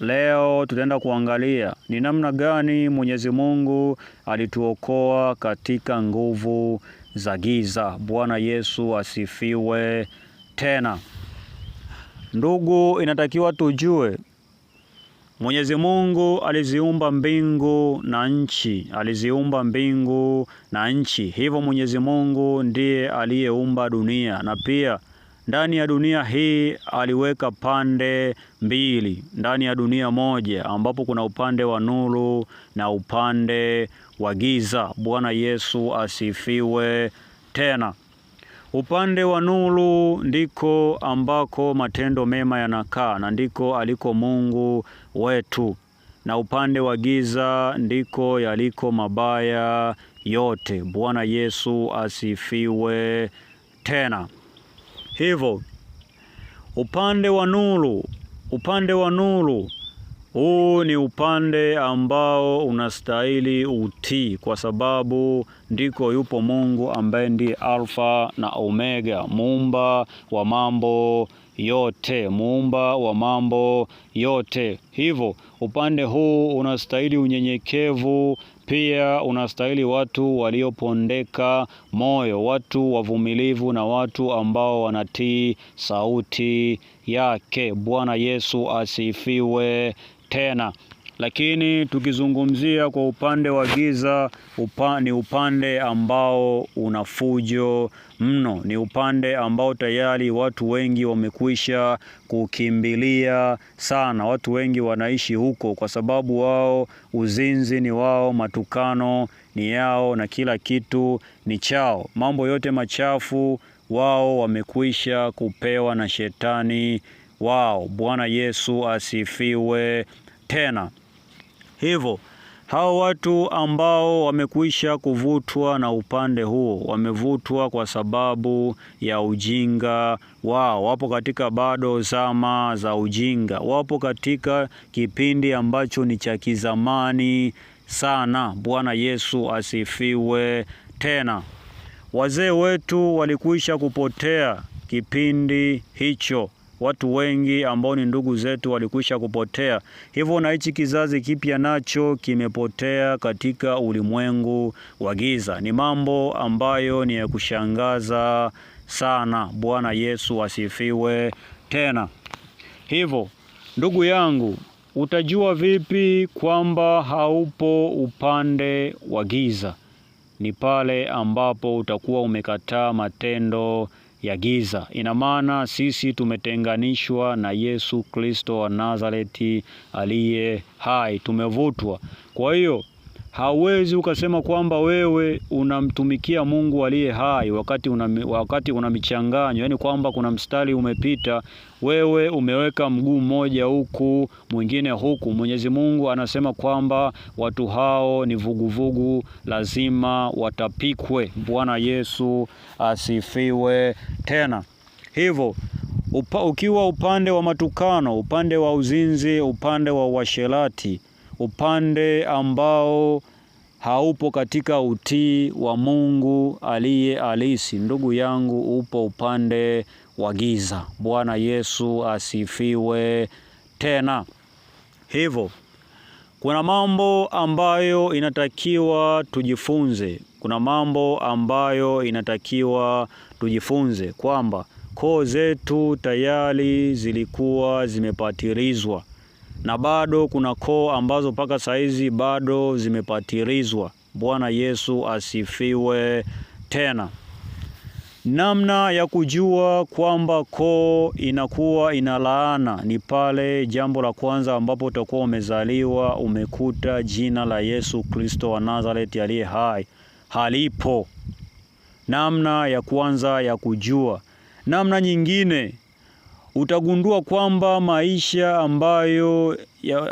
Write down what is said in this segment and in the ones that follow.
Leo tutaenda kuangalia ni namna gani Mwenyezi Mungu alituokoa katika nguvu za giza. Bwana Yesu asifiwe tena. Ndugu, inatakiwa tujue Mwenyezi Mungu aliziumba mbingu na nchi, aliziumba mbingu na nchi. Hivyo Mwenyezi Mungu ndiye aliyeumba dunia na pia ndani ya dunia hii aliweka pande mbili ndani ya dunia moja, ambapo kuna upande wa nuru na upande wa giza. Bwana Yesu asifiwe tena. Upande wa nuru ndiko ambako matendo mema yanakaa na ndiko aliko Mungu wetu, na upande wa giza ndiko yaliko mabaya yote. Bwana Yesu asifiwe tena hivyo upande wa nuru upande wa nuru huu ni upande ambao unastahili utii, kwa sababu ndiko yupo Mungu ambaye ndiye Alfa na Omega, muumba wa mambo yote, muumba wa mambo yote. Hivyo upande huu unastahili unyenyekevu pia unastahili watu waliopondeka moyo, watu wavumilivu na watu ambao wanatii sauti yake. Bwana Yesu asifiwe tena. Lakini tukizungumzia kwa upande wa giza upa, ni upande ambao una fujo mno, ni upande ambao tayari watu wengi wamekwisha kukimbilia sana. Watu wengi wanaishi huko kwa sababu wao uzinzi ni wao, matukano ni yao, na kila kitu ni chao. Mambo yote machafu wao wamekwisha kupewa na shetani wao. Bwana Yesu asifiwe tena. Hivyo hao watu ambao wamekwisha kuvutwa na upande huo, wamevutwa kwa sababu ya ujinga wao, wapo katika bado zama za ujinga, wapo katika kipindi ambacho ni cha kizamani sana. Bwana Yesu asifiwe. Tena wazee wetu walikwisha kupotea kipindi hicho watu wengi ambao ni ndugu zetu walikwisha kupotea. Hivyo na hichi kizazi kipya nacho kimepotea katika ulimwengu wa giza. Ni mambo ambayo ni ya kushangaza sana. Bwana Yesu asifiwe tena. Hivyo ndugu yangu, utajua vipi kwamba haupo upande wa giza? Ni pale ambapo utakuwa umekataa matendo ya giza. Ina maana sisi tumetenganishwa na Yesu Kristo wa Nazareti aliye hai, tumevutwa. Kwa hiyo Hauwezi ukasema kwamba wewe unamtumikia Mungu aliye hai wakati una, wakati una michanganyo, yaani kwamba kuna mstari umepita, wewe umeweka mguu mmoja huku mwingine huku. Mwenyezi Mungu anasema kwamba watu hao ni vuguvugu vugu, lazima watapikwe. Bwana Yesu asifiwe tena. Hivyo upa, ukiwa upande wa matukano, upande wa uzinzi, upande wa uasherati upande ambao haupo katika utii wa Mungu aliye alisi, ndugu yangu, upo upande wa giza. Bwana Yesu asifiwe. Tena hivyo kuna mambo ambayo inatakiwa tujifunze, kuna mambo ambayo inatakiwa tujifunze kwamba koo zetu tayari zilikuwa zimepatilizwa na bado kuna koo ambazo mpaka saizi bado zimepatirizwa. Bwana Yesu asifiwe. Tena namna ya kujua kwamba koo inakuwa ina laana ni pale, jambo la kwanza, ambapo utakuwa umezaliwa umekuta jina la Yesu Kristo wa Nazareti aliye hai halipo. Namna ya kwanza ya kujua. Namna nyingine utagundua kwamba maisha ambayo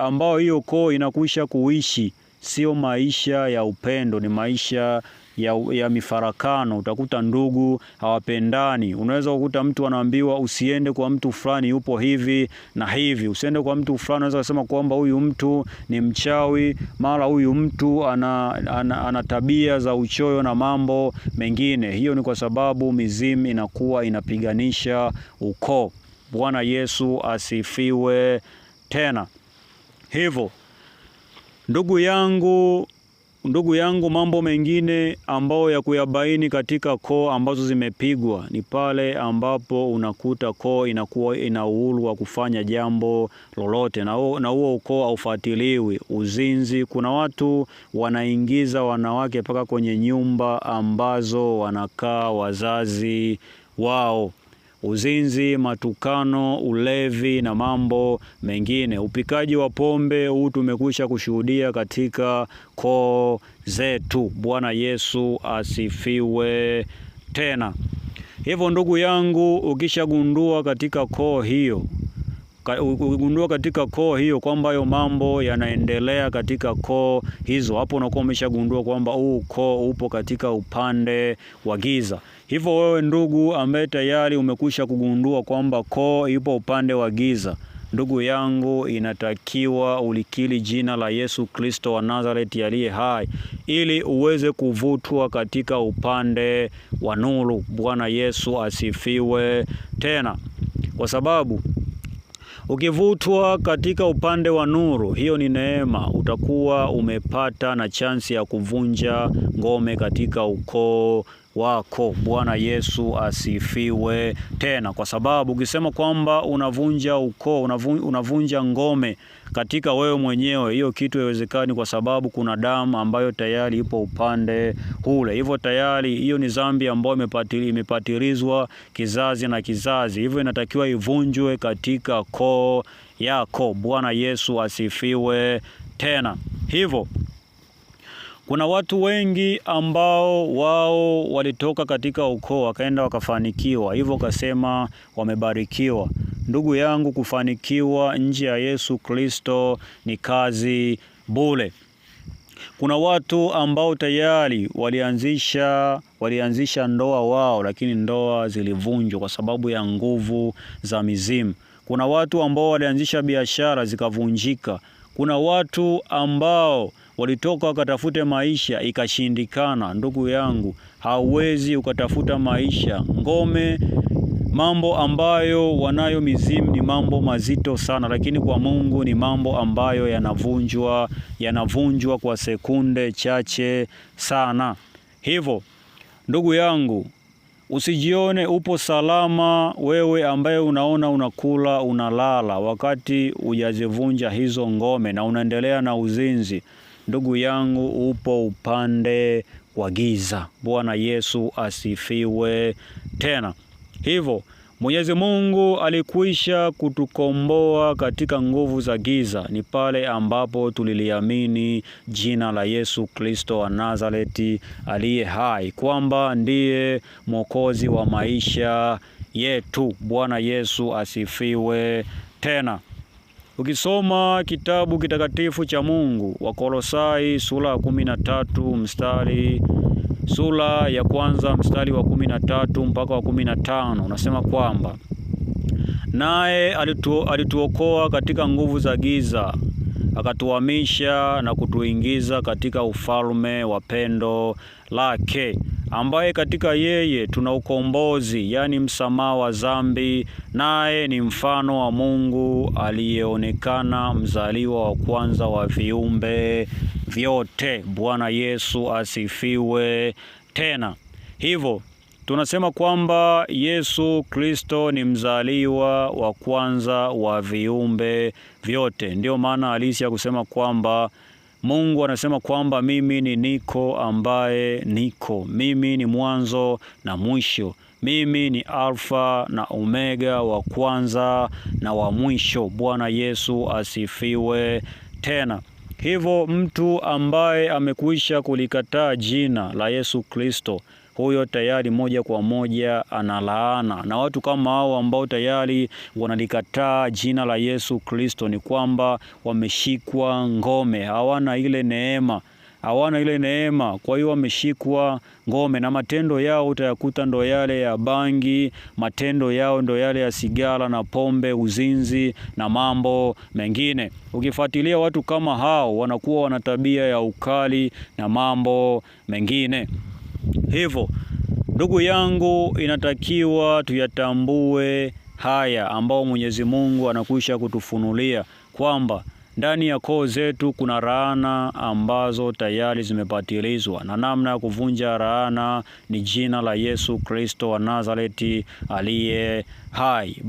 ambayo hiyo koo inakwisha kuishi sio maisha ya upendo, ni maisha ya, ya mifarakano. Utakuta ndugu hawapendani. Unaweza kukuta mtu anaambiwa usiende kwa mtu fulani, yupo hivi na hivi, usiende kwa mtu fulani. Unaweza kusema kwamba huyu mtu ni mchawi, mara huyu mtu ana, ana, ana, ana tabia za uchoyo na mambo mengine. Hiyo ni kwa sababu mizimu inakuwa inapiganisha ukoo. Bwana Yesu asifiwe tena. Hivyo ndugu yangu, ndugu yangu, mambo mengine ambayo ya kuyabaini katika koo ambazo zimepigwa ni pale ambapo unakuta koo inakuwa ina uhuru wa kufanya jambo lolote na huo ukoo haufuatiliwi. Uzinzi, kuna watu wanaingiza wanawake mpaka kwenye nyumba ambazo wanakaa wazazi wao uzinzi, matukano, ulevi na mambo mengine. Upikaji wa pombe huu tumekwisha kushuhudia katika koo zetu. Bwana Yesu asifiwe tena. Hivyo ndugu yangu, ukishagundua katika koo hiyo ukigundua katika koo hiyo kwamba hayo mambo yanaendelea katika koo hizo, hapo unakuwa umeshagundua kwamba huu ukoo upo katika upande wa giza. Hivyo wewe ndugu ambaye tayari umekwisha kugundua kwamba koo ipo upande wa giza, ndugu yangu, inatakiwa ulikili jina la Yesu Kristo wa Nazareti aliye hai ili uweze kuvutwa katika upande wa nuru. Bwana Yesu asifiwe tena, kwa sababu ukivutwa katika upande wa nuru, hiyo ni neema, utakuwa umepata na chansi ya kuvunja ngome katika ukoo wako. Bwana Yesu asifiwe tena, kwa sababu ukisema kwamba unavunja ukoo, unavunja ngome katika wewe mwenyewe, hiyo kitu haiwezekani, kwa sababu kuna damu ambayo tayari ipo upande ule Hivyo tayari hiyo ni dhambi ambayo imepatilizwa kizazi na kizazi, hivyo inatakiwa ivunjwe katika koo yako. Bwana Yesu asifiwe tena, hivyo kuna watu wengi ambao wao walitoka katika ukoo wakaenda wakafanikiwa, hivyo kasema wamebarikiwa. Ndugu yangu, kufanikiwa nje ya Yesu Kristo ni kazi bure. Kuna watu ambao tayari walianzisha walianzisha ndoa wao, lakini ndoa zilivunjwa kwa sababu ya nguvu za mizimu. Kuna watu ambao walianzisha biashara zikavunjika. Kuna watu ambao walitoka wakatafute maisha ikashindikana. Ndugu yangu, hauwezi ukatafuta maisha ngome. Mambo ambayo wanayo mizimu ni mambo mazito sana, lakini kwa Mungu ni mambo ambayo yanavunjwa, yanavunjwa kwa sekunde chache sana. Hivyo ndugu yangu, usijione upo salama, wewe ambaye unaona unakula unalala, wakati hujazivunja hizo ngome na unaendelea na uzinzi ndugu yangu upo upande wa giza. Bwana Yesu asifiwe tena. Hivyo Mwenyezi Mungu alikwisha kutukomboa katika nguvu za giza, ni pale ambapo tuliliamini jina la Yesu Kristo wa Nazareti aliye hai, kwamba ndiye mwokozi wa maisha yetu. Bwana Yesu asifiwe tena. Ukisoma kitabu kitakatifu cha Mungu Wakolosai sura ya kumi na tatu mstari sura ya kwanza mstari wa kumi na tatu mpaka wa kumi na tano unasema kwamba naye alitu, alituokoa katika nguvu za giza akatuhamisha na kutuingiza katika ufalme wa pendo lake ambaye katika yeye tuna ukombozi, yaani msamaha wa dhambi, naye ni mfano wa Mungu aliyeonekana, mzaliwa wa kwanza wa viumbe vyote. Bwana Yesu asifiwe. Tena hivyo tunasema kwamba Yesu Kristo ni mzaliwa wa kwanza wa viumbe vyote, ndiyo maana halisi ya kusema kwamba Mungu anasema kwamba mimi ni niko ambaye niko, mimi ni mwanzo na mwisho, mimi ni alfa na omega, wa kwanza na wa mwisho. Bwana Yesu asifiwe tena. Hivyo mtu ambaye amekwisha kulikataa jina la Yesu Kristo huyo tayari moja kwa moja analaana. Na watu kama hao ambao tayari wanalikataa jina la Yesu Kristo, ni kwamba wameshikwa ngome, hawana ile neema hawana ile neema, kwa hiyo wameshikwa ngome, na matendo yao utayakuta ndo yale ya bangi, matendo yao ndo yale ya sigara na pombe, uzinzi na mambo mengine. Ukifuatilia watu kama hao wanakuwa wana tabia ya ukali na mambo mengine. Hivyo ndugu yangu, inatakiwa tuyatambue haya ambao Mwenyezi Mungu anakwisha kutufunulia kwamba ndani ya koo zetu kuna raana ambazo tayari zimepatilizwa, na namna ya kuvunja raana ni jina la Yesu Kristo wa Nazareti aliye hai.